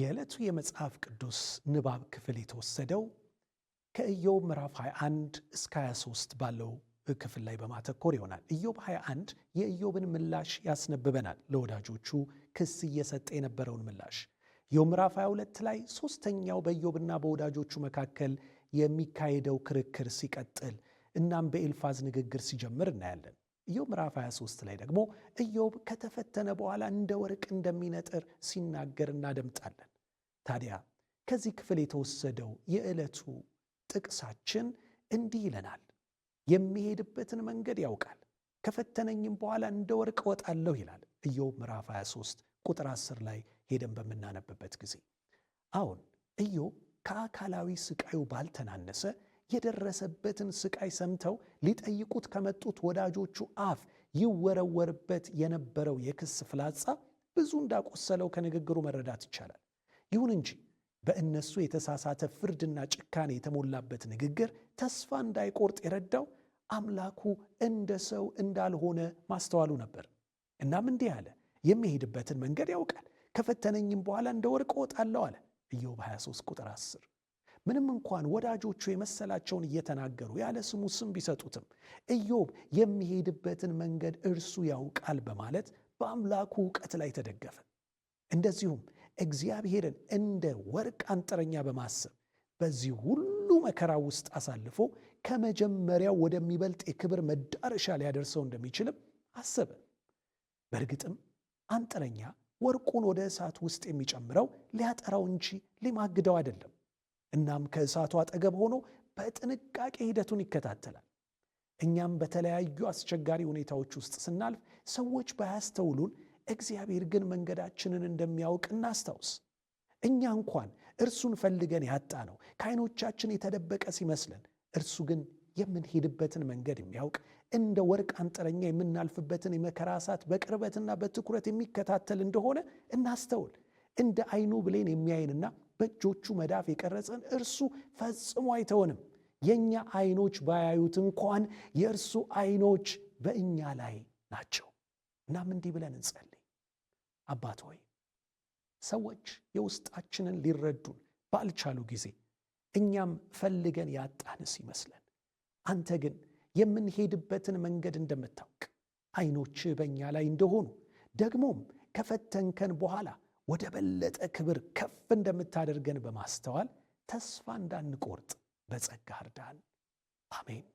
የዕለቱ የመጽሐፍ ቅዱስ ንባብ ክፍል የተወሰደው ከኢዮብ ምዕራፍ 21 እስከ 23 ባለው ክፍል ላይ በማተኮር ይሆናል። ኢዮብ 21 የኢዮብን ምላሽ ያስነብበናል። ለወዳጆቹ ክስ እየሰጠ የነበረውን ምላሽ ኢዮብ ምዕራፍ 22 ላይ ሦስተኛው በኢዮብና በወዳጆቹ መካከል የሚካሄደው ክርክር ሲቀጥል እናም በኤልፋዝ ንግግር ሲጀምር እናያለን። ኢዮብ ምዕራፍ 23 ላይ ደግሞ ኢዮብ ከተፈተነ በኋላ እንደ ወርቅ እንደሚነጥር ሲናገር እናደምጣለን። ታዲያ ከዚህ ክፍል የተወሰደው የዕለቱ ጥቅሳችን እንዲህ ይለናል። የሚሄድበትን መንገድ ያውቃል፣ ከፈተነኝም በኋላ እንደ ወርቅ እወጣለሁ ይላል ኢዮብ ምዕራፍ 23 ቁጥር 10 ላይ ሄደን በምናነብበት ጊዜ። አሁን ኢዮብ ከአካላዊ ስቃዩ ባልተናነሰ የደረሰበትን ስቃይ ሰምተው ሊጠይቁት ከመጡት ወዳጆቹ አፍ ይወረወርበት የነበረው የክስ ፍላጻ ብዙ እንዳቆሰለው ከንግግሩ መረዳት ይቻላል። ይሁን እንጂ በእነሱ የተሳሳተ ፍርድና ጭካኔ የተሞላበት ንግግር ተስፋ እንዳይቆርጥ የረዳው አምላኩ እንደ ሰው እንዳልሆነ ማስተዋሉ ነበር። እናም እንዲህ አለ፣ የሚሄድበትን መንገድ ያውቃል፣ ከፈተነኝም በኋላ እንደ ወርቅ እወጣለሁ አለ። ኢዮብ 23 ቁጥር 10። ምንም እንኳን ወዳጆቹ የመሰላቸውን እየተናገሩ ያለ ስሙ ስም ቢሰጡትም ኢዮብ የሚሄድበትን መንገድ እርሱ ያውቃል በማለት በአምላኩ እውቀት ላይ ተደገፈ። እንደዚሁም እግዚአብሔርን እንደ ወርቅ አንጥረኛ በማሰብ በዚህ ሁሉ መከራ ውስጥ አሳልፎ ከመጀመሪያው ወደሚበልጥ የክብር መዳረሻ ሊያደርሰው እንደሚችልም አሰበ። በእርግጥም አንጥረኛ ወርቁን ወደ እሳት ውስጥ የሚጨምረው ሊያጠራው እንጂ ሊማግደው አይደለም። እናም ከእሳቱ አጠገብ ሆኖ በጥንቃቄ ሂደቱን ይከታተላል። እኛም በተለያዩ አስቸጋሪ ሁኔታዎች ውስጥ ስናልፍ ሰዎች ባያስተውሉን እግዚአብሔር ግን መንገዳችንን እንደሚያውቅ እናስታውስ። እኛ እንኳን እርሱን ፈልገን ያጣ ነው ከዓይኖቻችን የተደበቀ ሲመስለን፣ እርሱ ግን የምንሄድበትን መንገድ የሚያውቅ እንደ ወርቅ አንጥረኛ የምናልፍበትን የመከራ እሳት በቅርበትና በትኩረት የሚከታተል እንደሆነ እናስተውል። እንደ ዓይኑ ብሌን የሚያይንና በእጆቹ መዳፍ የቀረጸን እርሱ ፈጽሞ አይተውንም። የእኛ ዓይኖች ባያዩት እንኳን የእርሱ ዓይኖች በእኛ ላይ ናቸው። እናም እንዲህ ብለን እንጸልይ። አባት ሆይ ሰዎች የውስጣችንን ሊረዱን ባልቻሉ ጊዜ እኛም ፈልገን ያጣንስ ይመስለን። አንተ ግን የምንሄድበትን መንገድ እንደምታውቅ አይኖች በእኛ ላይ እንደሆኑ ደግሞም ከፈተንከን በኋላ ወደ በለጠ ክብር ከፍ እንደምታደርገን በማስተዋል ተስፋ እንዳንቆርጥ በጸጋ እርዳን። አሜን።